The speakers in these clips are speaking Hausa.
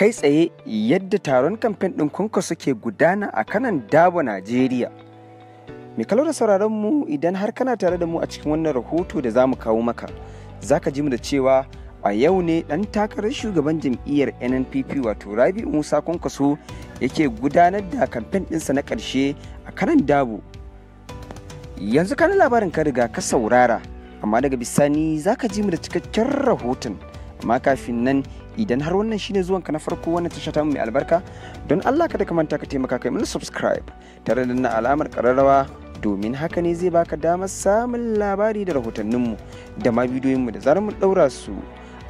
kai tsaye yadda taron kamfen ɗin kwankwaso ke gudana a kanan dabo Najeriya. Mai kalau da sauraron mu idan har kana tare da mu a cikin wannan rahoto da za mu kawo maka, za ka ji mu da cewa a yau ne ɗan takarar shugaban jam'iyyar NNPP wato Rabi Musa Kwankwaso yake gudanar da kamfen ɗinsa na ƙarshe a kanan dabo. Yanzu kana labarin ka riga ka saurara, amma daga bisani za ka ji mu da cikakken rahoton. amma kafin nan idan har wannan shine zuwan ka na farko wannan tasha ta mai albarka don Allah kada ka manta ka taimaka kai mun subscribe tare da na alamar kararrawa domin haka ne zai baka damar samun labari da rahotannin mu da ma bidiyoyinmu da zarar mu daura su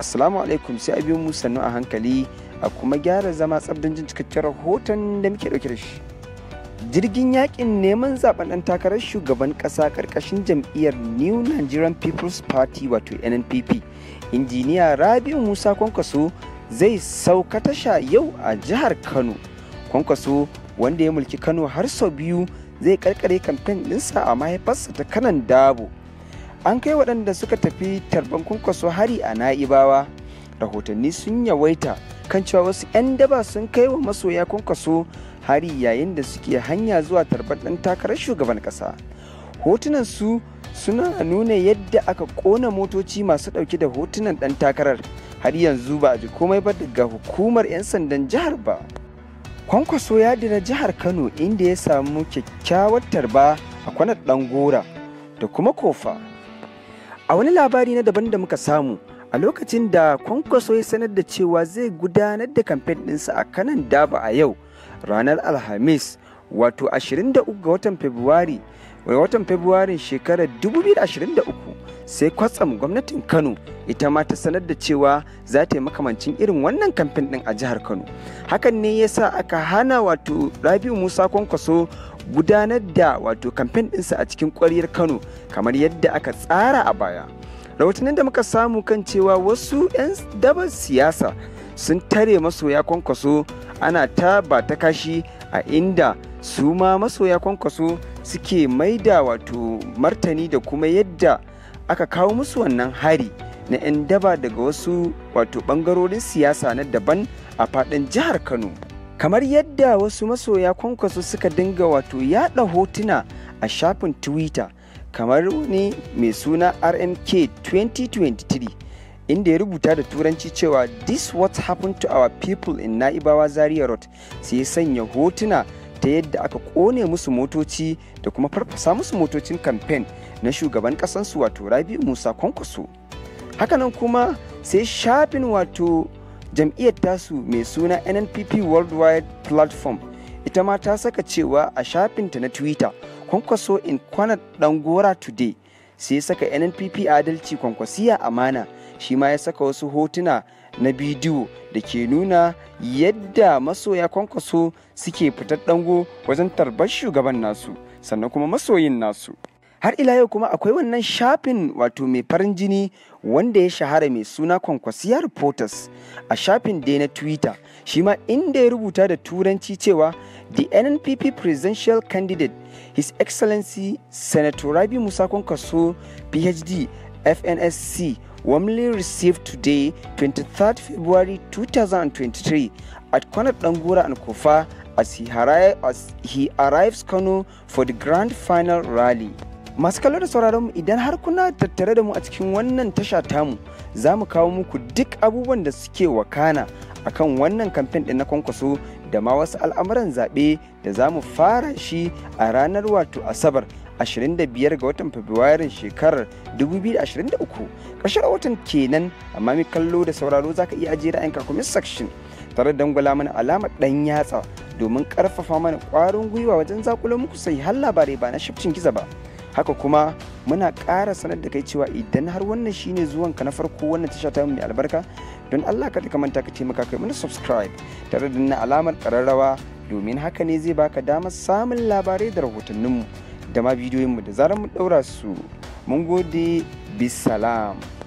assalamu alaikum sai a biyo mu sannu a hankali a kuma gyara zama tsabdan jin cikakken rahoton da muke dauke da shi jirgin yakin neman zaben ɗan takarar shugaban ƙasa ƙarƙashin jam'iyyar new nigerian people's party wato nnpp injiniya rabiu musa kwankwaso zai sauka tasha yau a jihar kano kwankwaso wanda ya mulki kano har sau biyu zai karkare kamfen ɗinsa a mahaifarsa ta kanan dabo an kai waɗanda suka tafi tarban kwankwaso hari a na'ibawa rahotanni sun yawaita kan cewa wasu 'yan daba sun kai wa masoya kwankwaso hari yayin da suke hanya zuwa tarbar ɗan takarar shugaban ƙasa hotunan su suna nuna yadda aka ƙona motoci masu ɗauke da hotunan ɗan takarar har yanzu ba a ji komai ba daga hukumar 'yan sandan jihar ba kwankwaso ya dina jihar kano inda ya samu kyakkyawar tarba a kwanar ɗan gora da kuma kofa a wani labari na daban da muka samu a lokacin da kwankwaso ya sanar da cewa zai gudanar da kamfen ɗinsa a kanan daba a yau ranar alhamis wato 23 ga watan februari watan shekarar 2023 sai kwatsam gwamnatin Kano ita ma ta sanar da cewa za ta yi makamancin irin wannan kamfen ɗin a jihar Kano. Hakan ne ya sa aka hana wato Rabiu Musa Kwankwaso gudanar da wato kamfen ɗinsa a cikin kwaryar Kano kamar yadda aka tsara a baya. rahotannin da muka samu kan cewa wasu 'yan dabar siyasa sun tare masoya kwankwaso ana ta ba ta kashi a inda su ma masoya kwankwaso suke maida wato martani da kuma yadda aka kawo musu wannan hari na 'yan daba daga wasu wato bangarorin siyasa na daban a fadin jihar kano kamar yadda wasu masoya kwankwaso suka dinga wato yaɗa hotuna a shafin twitter kamar wani mai suna rmk 2023 inda ya rubuta da turanci cewa this what happened to our people in naibawa zaria road sai ya sanya hotuna ta yadda aka kone musu motoci da kuma farfasa musu motocin kamfen na shugaban kasansu wato rabi musa kwankwaso hakanan kuma sai shafin wato jam'iyyar tasu mai suna nnpp worldwide platform ita ma ta saka cewa a shafinta na twitter kwankwaso in kwana gora today sai ya saka nnpp adalci kwankwasiya amana shi ma ya saka wasu hotuna na bidiyo da ke nuna yadda masoya kwankwaso suke fitar dango wajen tarbar shugaban nasu sannan kuma masoyin nasu har ila yau kuma akwai wannan shafin wato mai farin jini wanda ya shahara mai suna kwankwasiya reporters a shafin dai na twitter shi ma inda ya rubuta da turanci cewa the nnpp presidential candidate his excellency senator rabi musa kwankwaso phd fnsc warmly received today 23 february 2023 at kwanar dangura and kofa as he, as he arrives kano for the grand final rally masu kallo da sauraron mu idan har kuna tattare da mu a cikin wannan tasha tamu za mu kawo muku duk abubuwan da suke wakana akan wannan kamfen ɗin na kwankwaso da ma wasu al'amuran zaɓe da za mu fara shi a ranar wato asabar 25 ga watan fabrairu shekarar 2023 ƙarshen watan kenan amma mai kallo da sauraro za ka iya ajiye ra'ayinka comment section tare da dangwala mana alamar ɗan yatsa domin ƙarfafa mana ƙwarin gwiwa wajen zakulo muku sai har labarai ba na shafcin giza ba haka kuma muna ƙara sanar da kai cewa idan har wannan shine zuwan ka na farko wannan tasha ta mai albarka don Allah ka ka manta ka taimaka kai mana subscribe tare da nuna alamar ƙararrawa domin haka ne zai baka damar samun labarai da rahotanninmu da ma bidiyoyinmu da zarar mu ɗaura su mun gode bisalam